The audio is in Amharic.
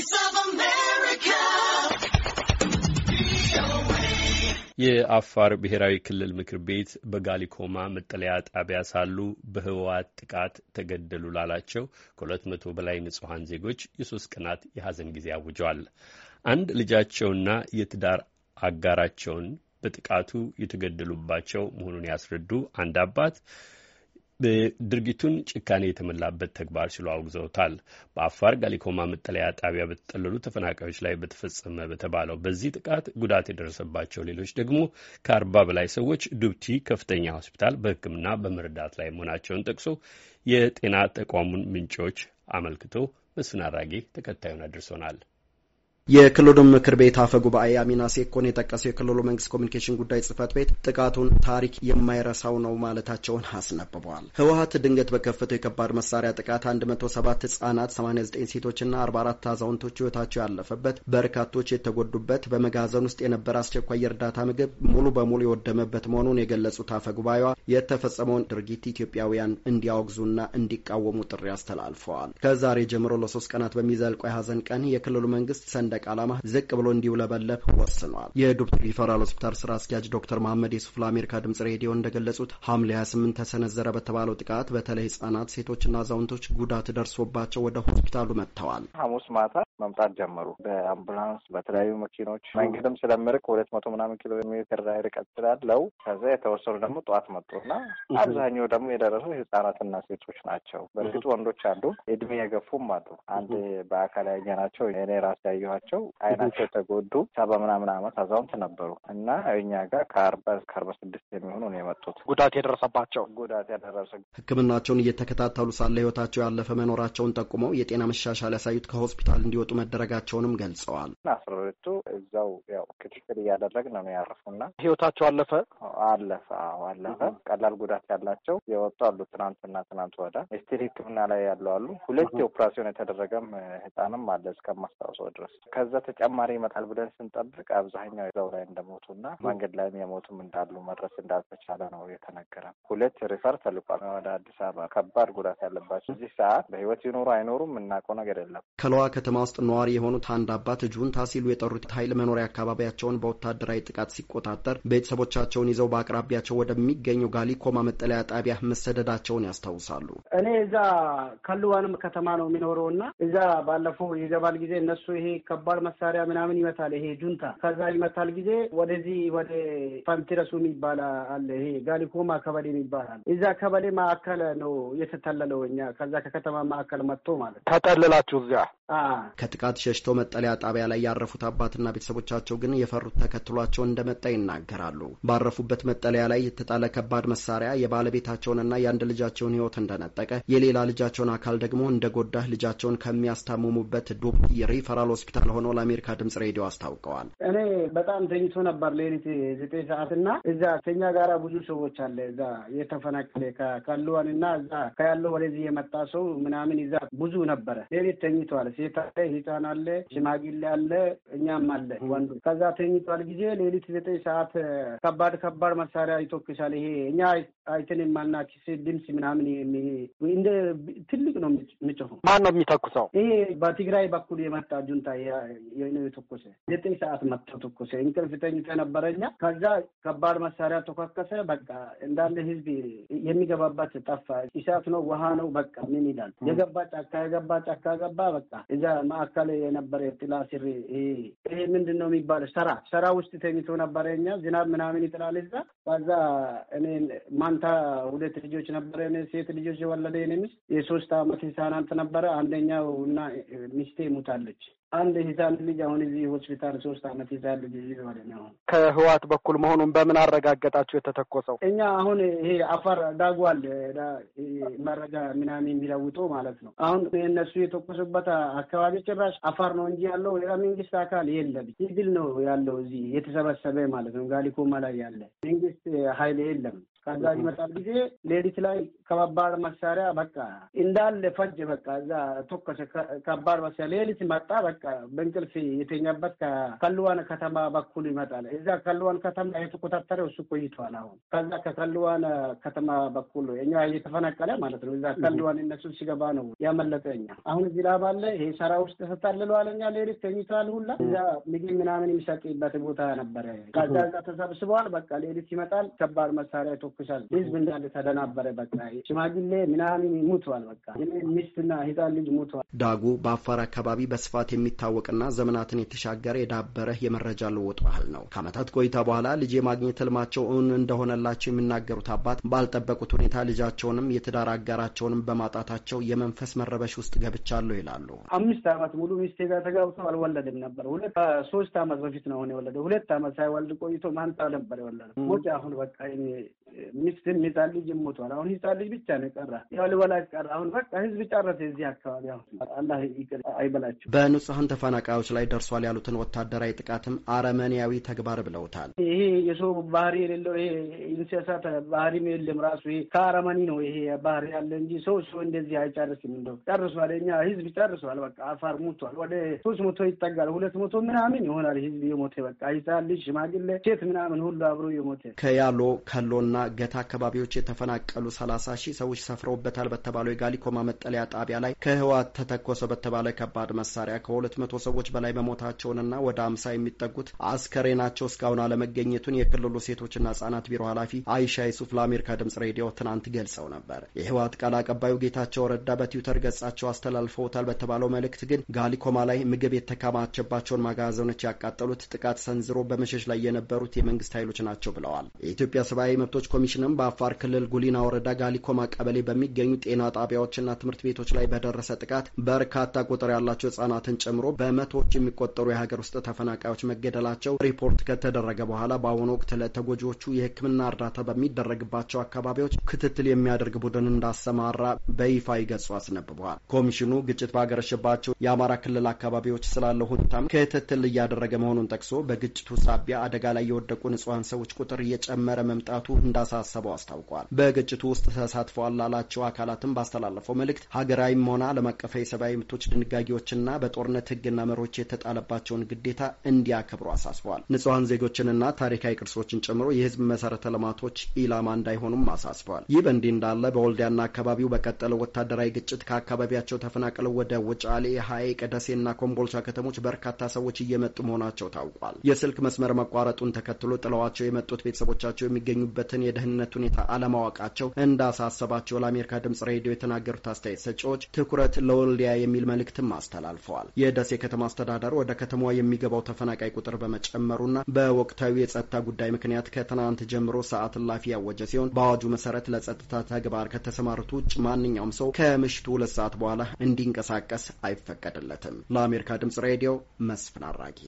Voice of America. የአፋር ብሔራዊ ክልል ምክር ቤት በጋሊኮማ መጠለያ ጣቢያ ሳሉ በህወሓት ጥቃት ተገደሉ ላላቸው ከሁለት መቶ በላይ ንጹሐን ዜጎች የሶስት ቀናት የሐዘን ጊዜ አውጇል። አንድ ልጃቸውና የትዳር አጋራቸውን በጥቃቱ የተገደሉባቸው መሆኑን ያስረዱ አንድ አባት ድርጊቱን ጭካኔ የተሞላበት ተግባር ሲሉ አውግዘውታል። በአፋር ጋሊኮማ መጠለያ ጣቢያ በተጠለሉ ተፈናቃዮች ላይ በተፈጸመ በተባለው በዚህ ጥቃት ጉዳት የደረሰባቸው ሌሎች ደግሞ ከአርባ በላይ ሰዎች ዱብቲ ከፍተኛ ሆስፒታል በሕክምና በመርዳት ላይ መሆናቸውን ጠቅሶ የጤና ተቋሙን ምንጮች አመልክቶ መስፍን አራጌ ተከታዩን አድርሶናል። የክልሉ ምክር ቤት አፈ ጉባኤ አሚና ሴኮን የጠቀሰው የክልሉ መንግስት ኮሚኒኬሽን ጉዳይ ጽህፈት ቤት ጥቃቱን ታሪክ የማይረሳው ነው ማለታቸውን አስነብበዋል። ህወሀት ድንገት በከፈተው የከባድ መሳሪያ ጥቃት 107 ህጻናት፣ 89 ሴቶችና 44 አዛውንቶች ህይወታቸው ያለፈበት በርካቶች የተጎዱበት በመጋዘን ውስጥ የነበረ አስቸኳይ የእርዳታ ምግብ ሙሉ በሙሉ የወደመበት መሆኑን የገለጹት አፈ ጉባኤዋ የተፈጸመውን ድርጊት ኢትዮጵያውያን እንዲያወግዙና እንዲቃወሙ ጥሪ አስተላልፈዋል። ከዛሬ ጀምሮ ለሶስት ቀናት በሚዘልቀው የሀዘን ቀን የክልሉ መንግስት ሰንደ ሰንደቅ ዓላማ ዝቅ ብሎ እንዲውለበለብ ወስኗል። የዱብት ሪፈራል ሆስፒታል ስራ አስኪያጅ ዶክተር መሐመድ የሱፍ ለአሜሪካ ድምጽ ሬዲዮ እንደገለጹት ሐምሌ 28 ተሰነዘረ በተባለው ጥቃት በተለይ ህጻናት፣ ሴቶችና አዛውንቶች ጉዳት ደርሶባቸው ወደ ሆስፒታሉ መጥተዋል። ሐሙስ ማታ መምጣት ጀመሩ። በአምቡላንስ በተለያዩ መኪኖች። መንገድም ስለምርቅ ሁለት መቶ ምናምን ኪሎ ሜትር ላይ ርቀት ስላለው ከዛ የተወሰኑ ደግሞ ጠዋት መጡ እና አብዛኛው ደግሞ የደረሰው ህጻናትና ሴቶች ናቸው። በእርግጥ ወንዶች አሉ፣ እድሜ የገፉም አሉ። አንድ በአካል ናቸው። እኔ ራሴ ያየኋቸው አይናቸው የተጎዱ ሰባ ምናምን አመት አዛውንት ነበሩ እና እኛ ጋር ከአርባ እስከ አርባ ስድስት የሚሆኑ ነው የመጡት ጉዳት የደረሰባቸው ጉዳት ያደረሰ ህክምናቸውን እየተከታተሉ ሳለ ህይወታቸው ያለፈ መኖራቸውን ጠቁመው የጤና መሻሻል ያሳዩት ከሆስፒታል እንዲወጡ እንዲወጡ መደረጋቸውንም ገልጸዋል። አስራሁለቱ እዛው ያው ክትትል እያደረግ ነው ያረፉና ህይወታቸው አለፈ አለፈ አለፈ። ቀላል ጉዳት ያላቸው የወጡ አሉ። ትናንትና ትናንት ወደ ስቲል ህክምና ላይ ያሉ አሉ። ሁለት የኦፕራሲዮን የተደረገም ህፃንም አለ እስከማስታውሰው ድረስ። ከዛ ተጨማሪ ይመጣል ብለን ስንጠብቅ አብዛኛው እዛው ላይ እንደሞቱ እንደሞቱና መንገድ ላይም የሞቱም እንዳሉ መድረስ እንዳልተቻለ ነው የተነገረ። ሁለት ሪፈር ተልቋል ወደ አዲስ አበባ። ከባድ ጉዳት ያለባቸው እዚህ ሰዓት በህይወት ይኖሩ አይኖሩም እናውቀው ነገር የለም። ከለዋ ከተማ ውስጥ ነዋሪ የሆኑት አንድ አባት ጁንታ ሲሉ የጠሩት ኃይል መኖሪያ አካባቢያቸውን በወታደራዊ ጥቃት ሲቆጣጠር ቤተሰቦቻቸውን ይዘው በአቅራቢያቸው ወደሚገኘው ጋሊኮማ መጠለያ ጣቢያ መሰደዳቸውን ያስታውሳሉ። እኔ እዛ ከልዋንም ከተማ ነው የሚኖረው እና እዛ ባለፈው የገባል ጊዜ እነሱ ይሄ ከባድ መሳሪያ ምናምን ይመታል። ይሄ ጁንታ ከዛ ይመታል ጊዜ ወደዚህ ወደ ፋንቲረሱ የሚባል አለ። ይሄ ጋሊኮማ ከበሌ ይባላል። እዛ ከበሌ ማዕከል ነው የተጠለለው። እኛ ከዛ ከከተማ ማዕከል መጥቶ ማለት ተጠልላችሁ እዚያ ከጥቃት ሸሽተው መጠለያ ጣቢያ ላይ ያረፉት አባትና ቤተሰቦቻቸው ግን የፈሩት ተከትሏቸው እንደመጣ ይናገራሉ። ባረፉበት መጠለያ ላይ የተጣለ ከባድ መሳሪያ የባለቤታቸውንና የአንድ ልጃቸውን ህይወት እንደነጠቀ፣ የሌላ ልጃቸውን አካል ደግሞ እንደጎዳ ልጃቸውን ከሚያስታምሙበት ዱብቲ ሪፈራል ሆስፒታል ሆነው ለአሜሪካ ድምጽ ሬዲዮ አስታውቀዋል። እኔ በጣም ተኝቶ ነበር ሌሊት ዘጠኝ ሰዓት እና እዛ ከኛ ጋራ ብዙ ሰዎች አለ እዛ የተፈናቀለ ከልዋን እና እዛ ከያለው ወደዚህ የመጣ ሰው ምናምን ይዛ ብዙ ነበረ። ሌሊት ተኝተዋል። ሴታ ህፃን አለ፣ ሽማግሌ አለ፣ እኛም አለ ወንዱ። ከዛ ተኝቷል ጊዜ ሌሊት ዘጠኝ ሰዓት ከባድ ከባድ መሳሪያ ይተኩሳል። ይሄ እኛ አይተን የማናውቅ ድምፅ ምናምን እንደ ትልቅ ነው የሚጮኸው። ማን ነው የሚተኩሰው? ይሄ በትግራይ በኩል የመጣ ጁንታ ነው የተኮሰ። ዘጠኝ ሰዓት መጥቶ ተኮሰ። እንቅልፍ ተኝቶ ነበረ እኛ። ከዛ ከባድ መሳሪያ ተኳከሰ። በቃ እንዳለ ህዝብ የሚገባባት ጠፋ። እሳት ነው ውሃ ነው በቃ ምን ይላል የገባ ጫካ የገባ ጫካ ገባ በቃ እዛ አካል የነበረ ጥላ ስር ይሄ ምንድን ነው የሚባል ሰራ ሰራ ውስጥ ተኝቶ ነበረ። እኛ ዝናብ ምናምን ይጥላል እዛ። ከዛ እኔ ማንታ ሁለት ልጆች ነበረ ሴት ልጆች የወለደ ኔ ሚስት የሶስት አመት ህጻናት ነበረ። አንደኛው እና ሚስቴ ሙታለች። አንድ ህፃን ልጅ አሁን እዚህ ሆስፒታል ሶስት አመት ህፃን ልጅ ይዞ ማለት ነው። ከህዋት በኩል መሆኑን በምን አረጋገጣችሁ? የተተኮሰው እኛ አሁን ይሄ አፋር ዳጓል መረጃ ምናምን የሚለውጡ ማለት ነው። አሁን እነሱ የተኮሱበት አካባቢ ጭራሽ አፋር ነው እንጂ ያለው ሌላ መንግስት አካል የለም። ሲቪል ነው ያለው እዚህ የተሰበሰበ ማለት ነው። ጋሊኮማ ላይ ያለ መንግስት ሀይል የለም። ከዛ ይመጣል ጊዜ ሌሊት ላይ ከባባድ መሳሪያ በቃ እንዳለ ፈጅ በቃ እዛ ተኮሰ። ከባድ መሳሪያ ሌሊት መጣ። በቃ በእንቅልፍ የተኛበት ከከልዋን ከተማ በኩል ይመጣል። እዛ ከልዋን ከተማ የተቆጣጠረ እሱ ቆይቷል። አሁን ከዛ ከከልዋን ከተማ በኩል እኛ እየተፈናቀለ ማለት ነው። እዛ ከልዋን እነሱ ሲገባ ነው ያመለጠ። እኛ አሁን እዚህ ላ ባለ ይሄ ሰራ ውስጥ ተታልለዋል። እኛ ሌሊት ተኝተዋል ሁላ እዛ ምግብ ምናምን የሚሰጥበት ቦታ ነበረ። ከዛ እዛ ተሰብስበዋል። በቃ ሌሊት ይመጣል ከባድ መሳሪያ ተኩሷል። ህዝብ እንዳለ ተደናበረ። በቃ ሽማግሌ ምናምን ሙቷል። በቃ ሚስትና ህፃን ልጅ ሙቷል። ዳጉ በአፋር አካባቢ በስፋት የሚታወቅና ዘመናትን የተሻገረ የዳበረ የመረጃ ልውውጥ ባህል ነው። ከዓመታት ቆይታ በኋላ ልጅ የማግኘት ህልማቸው እውን እንደሆነላቸው የሚናገሩት አባት ባልጠበቁት ሁኔታ ልጃቸውንም የትዳር አጋራቸውንም በማጣታቸው የመንፈስ መረበሽ ውስጥ ገብቻለሁ ይላሉ። አምስት አመት ሙሉ ሚስቴ ጋር ተጋብቶ አልወለድም ነበር። ሁለት ሶስት ዓመት በፊት ነው የወለደ። ሁለት ዓመት ሳይወልድ ቆይቶ ማንጣ ነበር የወለደ። ሞጭ አሁን በቃ ሚስትን ህፃን ልጅ ሞቷል። አሁን ህፃን ልጅ ብቻ ነው ቀራ። ያው ልበላ ቀራ። አሁን በቃ ህዝብ ጨረሰ። እዚህ አካባቢ አሁን አላህ ይቅር አይበላቸው። በንጹህን ተፈናቃዮች ላይ ደርሷል ያሉትን ወታደራዊ ጥቃትም አረመኔያዊ ተግባር ብለውታል። ይሄ የሰው ባህሪ የሌለው ይሄ እንስሳት ባህሪም የለም ራሱ ከአረመኒ ነው ይሄ ባህሪ ያለ እንጂ ሰው ሰው እንደዚህ አይጨርስም። እንደው ጨርሷል። እኛ ህዝብ ጨርሷል። በቃ አፋር ሞቷል። ወደ ሶስት መቶ ይጠጋል። ሁለት መቶ ምናምን ይሆናል ህዝብ የሞተ በቃ ህፃን ልጅ፣ ሽማግሌ፣ ሴት ምናምን ሁሉ አብሮ የሞተ ከያሎ ከሎና ገታ አካባቢዎች የተፈናቀሉ 30 ሺህ ሰዎች ሰፍረውበታል በተባለው የጋሊኮማ መጠለያ ጣቢያ ላይ ከህወሓት ተተኮሰ በተባለ ከባድ መሳሪያ ከሁለት መቶ ሰዎች በላይ መሞታቸውንና ወደ አምሳ የሚጠጉት አስከሬናቸው እስካሁን አለመገኘቱን የክልሉ ሴቶችና ህጻናት ቢሮ ኃላፊ አይሻ ይሱፍ ለአሜሪካ ድምጽ ሬዲዮ ትናንት ገልጸው ነበር። የህወሓት ቃል አቀባዩ ጌታቸው ረዳ በትዊተር ገጻቸው አስተላልፈውታል በተባለው መልእክት ግን ጋሊኮማ ላይ ምግብ የተከማቸባቸውን ማጋዘኖች ያቃጠሉት ጥቃት ሰንዝሮ በመሸሽ ላይ የነበሩት የመንግስት ኃይሎች ናቸው ብለዋል። የኢትዮጵያ ሰብአዊ መብቶች ኮሚሽንም በአፋር ክልል ጉሊና ወረዳ ጋሊኮማ ቀበሌ በሚገኙ ጤና ጣቢያዎችና ትምህርት ቤቶች ላይ በደረሰ ጥቃት በርካታ ቁጥር ያላቸው ህጻናትን ጨምሮ በመቶዎች የሚቆጠሩ የሀገር ውስጥ ተፈናቃዮች መገደላቸው ሪፖርት ከተደረገ በኋላ በአሁኑ ወቅት ለተጎጂዎቹ የህክምና እርዳታ በሚደረግባቸው አካባቢዎች ክትትል የሚያደርግ ቡድን እንዳሰማራ በይፋ ይገጹ አስነብበዋል። ኮሚሽኑ ግጭት ባገረሸባቸው የአማራ ክልል አካባቢዎች ስላለው ሁኔታም ክትትል እያደረገ መሆኑን ጠቅሶ በግጭቱ ሳቢያ አደጋ ላይ የወደቁ ንጹሐን ሰዎች ቁጥር እየጨመረ መምጣቱ እንዳ እንዳሳሰበው አስታውቋል። በግጭቱ ውስጥ ተሳትፈዋል ላላቸው አካላትም ባስተላለፈው መልእክት ሀገራዊም ሆነ ዓለም አቀፋዊ የሰብአዊ መብቶች ድንጋጌዎችና በጦርነት ህግና መሮች የተጣለባቸውን ግዴታ እንዲያከብሩ አሳስበዋል። ንጹሐን ዜጎችንና ታሪካዊ ቅርሶችን ጨምሮ የህዝብ መሰረተ ልማቶች ኢላማ እንዳይሆኑም አሳስበዋል። ይህ በእንዲህ እንዳለ በወልዲያና አካባቢው በቀጠለው ወታደራዊ ግጭት ከአካባቢያቸው ተፈናቅለው ወደ ውጫሌ፣ ሀይቅ፣ ደሴና ኮምቦልቻ ከተሞች በርካታ ሰዎች እየመጡ መሆናቸው ታውቋል። የስልክ መስመር መቋረጡን ተከትሎ ጥለዋቸው የመጡት ቤተሰቦቻቸው የሚገኙበትን የደህንነት ሁኔታ አለማወቃቸው እንዳሳሰባቸው ለአሜሪካ ድምጽ ሬዲዮ የተናገሩት አስተያየት ሰጪዎች ትኩረት ለወልዲያ የሚል መልእክትም አስተላልፈዋል። የደሴ ከተማ አስተዳደር ወደ ከተማዋ የሚገባው ተፈናቃይ ቁጥር በመጨመሩና በወቅታዊ የጸጥታ ጉዳይ ምክንያት ከትናንት ጀምሮ ሰዓት እላፊ ያወጀ ሲሆን በአዋጁ መሰረት ለጸጥታ ተግባር ከተሰማሩት ውጭ ማንኛውም ሰው ከምሽቱ ሁለት ሰዓት በኋላ እንዲንቀሳቀስ አይፈቀድለትም። ለአሜሪካ ድምጽ ሬዲዮ መስፍን አራጊ